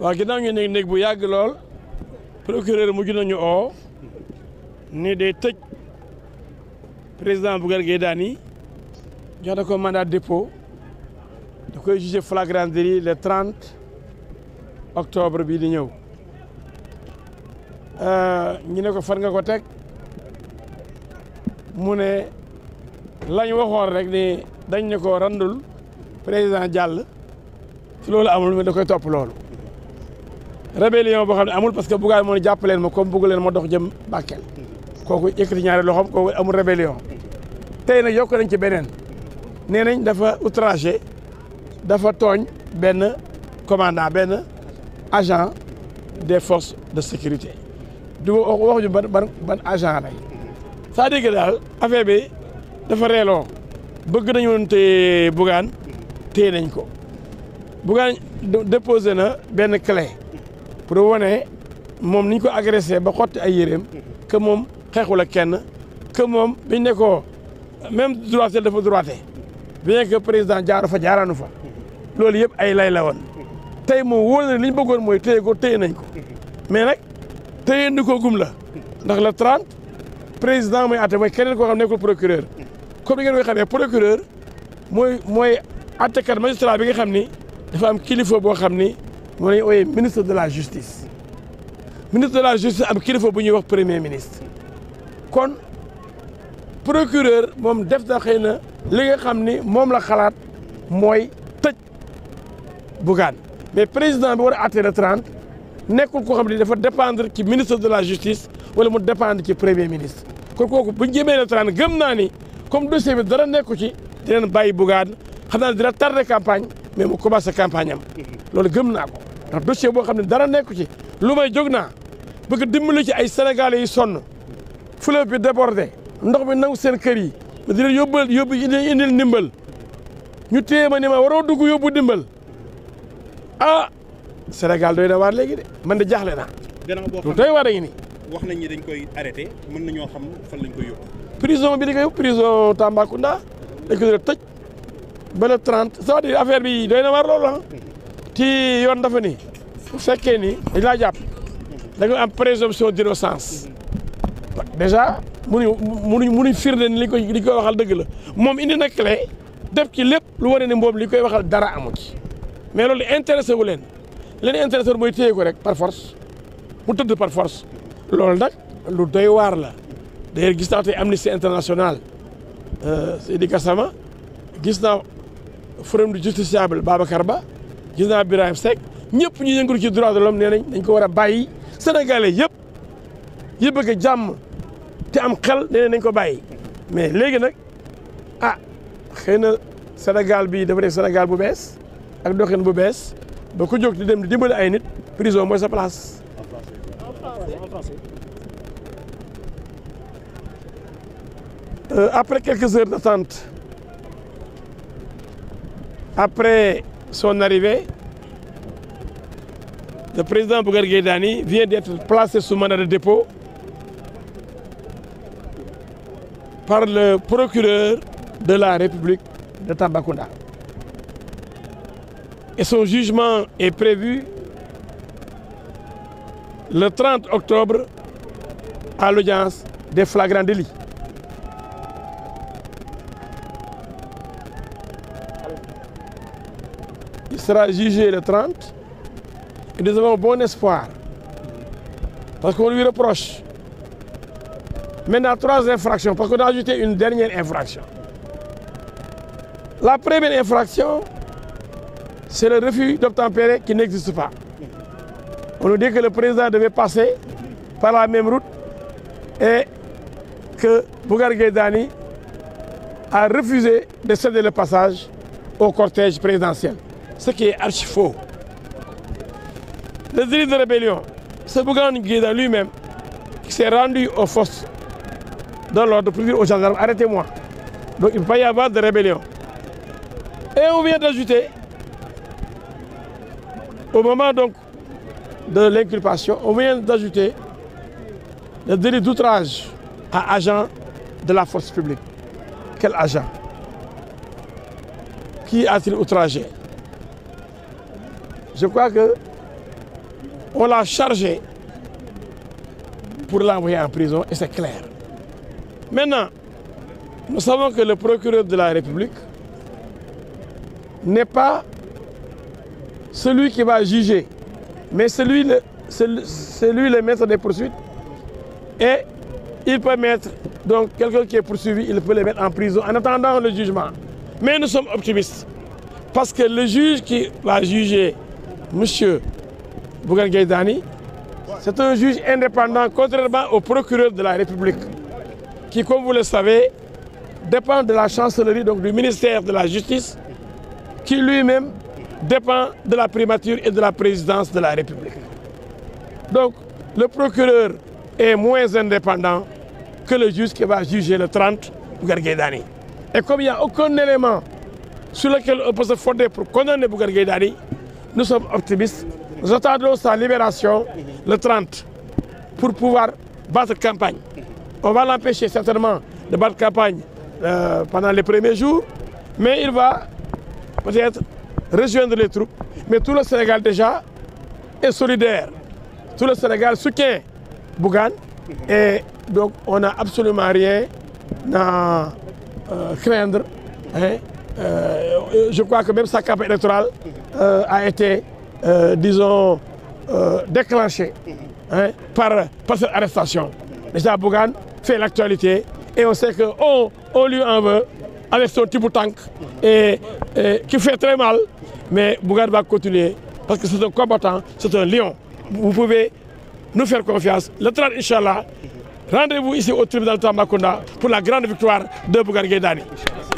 waaw ginnaaw ñu néeg néeg bu yàgg lool procureur mujj nañu oo ni day tëj président Bougane Gueye Dany jox na ko mandat dépôt da koy jugé flagrant le 30 octobre bii di ñëw euh, ñu ne ko fan nga ko teg mu ne lañ waxoon rek ni dañ ne ko randul président jàll ci loolu amul mais da koy topp loolu rébellion boo xam ne amul parce que buggaay moo ne jàpp leen ma comme bugg leen ma dox jëm Bakel kooku yëkkati ñaari loxoom kooku amul rébellion tey nag yokk nañ ci beneen nee nañ dafa outragé dafa tooñ benn commandant benn agent des forces de sécurité du wax ju ban ban agent lay cest à daal affaire bi dafa reeloo bëgg nañu woon te Bougane téye nañ ko Bougane déposé na benn clé pour wane moom ni ñu ko agressé ba xotti ay yére yéreem que moom xeexul ak kenn que moom biñ ne ko même droité dafa droité bien que président jaaru fa jaaraanu fa loolu yëpp ay lay la woon tey moom wóor na li ñu bëggoon mooy téye ko téye nañ ko mais nag téye ndi ko gum la ndax la 30 président mooy atte mooy keneen koo xam nekkul procureur comme ni ngeen koy xamee procureur mooy mooy attekat magistrat bi nga xam ni dafa am kilifa boo xam ni moo lañu ooyee ministre de la justice ministre de la justice am kilifa bu ñuy wax premier ministre kon procureur moom def na xëy na li nga xam ni moom la xalaat mooy tëj Bougane mais président bi war a àtte le 30 nekkul koo xam ne dafa dépendre ci ministre de la justice wala mu dépendre ci premier ministre kon kooku bu ñu jëmee le gëm naa ni comme dossier dara nekku ci dinañ bàyyi Bougane xam naa ne dina tardé campagne mais mu commencé campagne am loolu gëm naa ko ndax dossier boo xam ne dara nekku ci lu may jóg naa bëgg dimbali ci ay sénégalais yi sonn fleuve bi débordé ndox mi nangu seen kër yi ma di leen yóbbu indil ndimbal ñu téye ma ni ma waroo dugg yóbbu ndimbal ah Sénégal doy na waar léegi de man de jaaxle naa. lu doy waar dañu ni. wax nañ ni dañ koy arrêté mën nañoo xam prison bi di kay yóbbu prison Tambacounda dañ ko doon tëj ba le 30 c'est-à-dire affaire bi doy na waar loolu ah. ti yoon dafa ni bu fekkee ni dañ jàpp da nga am présomption d'innocence déjà munuñ munuñ munuñ firnde ni li koy li koy waxal dëgg la moom indi na clé def ci lépp lu wane ni moom li koy waxal dara amu ci mais loolu intéressé wu leen leen intéressé mooy téye ko rek par force mu tëdd par force loolu nag lu doy waar la d'ailleurs gis naa tey Amnesty International euh, Seydi Gassama gis naa forum du justiciable Babacar Ba gis naa Birahim Seck ñëpp ñu yëngatu ci nee nañ dañ ko war a bàyyi sénégalais yëpp yi bëgg jàmm te am xel nee nañ ko bàyyi mais léegi nag a ah, xëy na Sénégal bi dafa nekk Sénégal bu bees ak doxin bu bees ba ku jóg di dem di dimbali ay nit prison mooy sa place. Euh, après quelques heures après son arrivée, le président Bougar Gaydani vient d'être placé sous mandat de dépôt par le procureur de la République de Tambacounda. Et son jugement est prévu le 30 octobre à l'audience des flagrants délits. Il sera jugé le 30 et nous avons bon espoir parce qu'on lui reproche maintenant trois infractions parce qu'on a ajouté une dernière infraction. La première infraction, c'est le refus d'obtempérer qui n'existe pas. On nous dit que le président devait passer par la même route et que Bougar Gaydani a refusé de céder le passage au cortège présidentiel. ce qui est archi faux. Le délit de rébellion, c'est Bougan Guida lui-même qui s'est rendu aux forces dans l'ordre pour dire aux gendarmes arrêtez-moi. Donc il ne peut pas y de rébellion. Et on vient d'ajouter, au moment donc de l'inculpation, on vient d'ajouter le délit d'outrage à agent de la force publique. Quel agent Qui a-t-il outragé je crois que on l'a chargé pour l'envoyer en prison et c'est clair. Maintenant, nous savons que le procureur de la République n'est pas celui qui va juger, mais celui le, celui, celui le maître des poursuites. Et il peut mettre, donc quelqu'un qui est poursuivi, il peut le mettre en prison en attendant le jugement. Mais nous sommes optimistes, parce que le juge qui va juger monsieur Bougane Gueye Dany c'est un juge indépendant contrairement au procureur de la République qui comme vous le savez dépend de la chancellerie donc du ministère de la Justice qui lui-même dépend de la primature et de la présidence de la République. Donc le procureur est moins indépendant que le juge qui va juger le 30 Bougane Gueye Dany. Et comme il n'y a aucun élément sur lequel on peut se pour condamner Bougane nous sommes optimistes. Nous attendons sa libération le trente pour pouvoir battre campagne. On va l'empêcher certainement de battre campagne euh, pendant les premiers jours, mais il va peut-être rejoindre les troupes. Mais tout le Sénégal déjà est solidaire. Tout le Sénégal soutient Bougane. Et donc on n'a absolument rien à euh, craindre. Euh, euh, je crois que même sa campagne électorale euh, a été, disons, déclenchée hein, par, par cette arrestation. Déjà, Bougan fait l'actualité et on sait qu'on on lui en veut avec son type tank et, qui fait très mal, mais Bougan va continuer parce que c'est un combattant, c'est un lion. Vous pouvez nous faire confiance. Le 30, Inch'Allah, rendez-vous ici au tribunal de Tambacounda pour la grande victoire de Bougan Gaydani.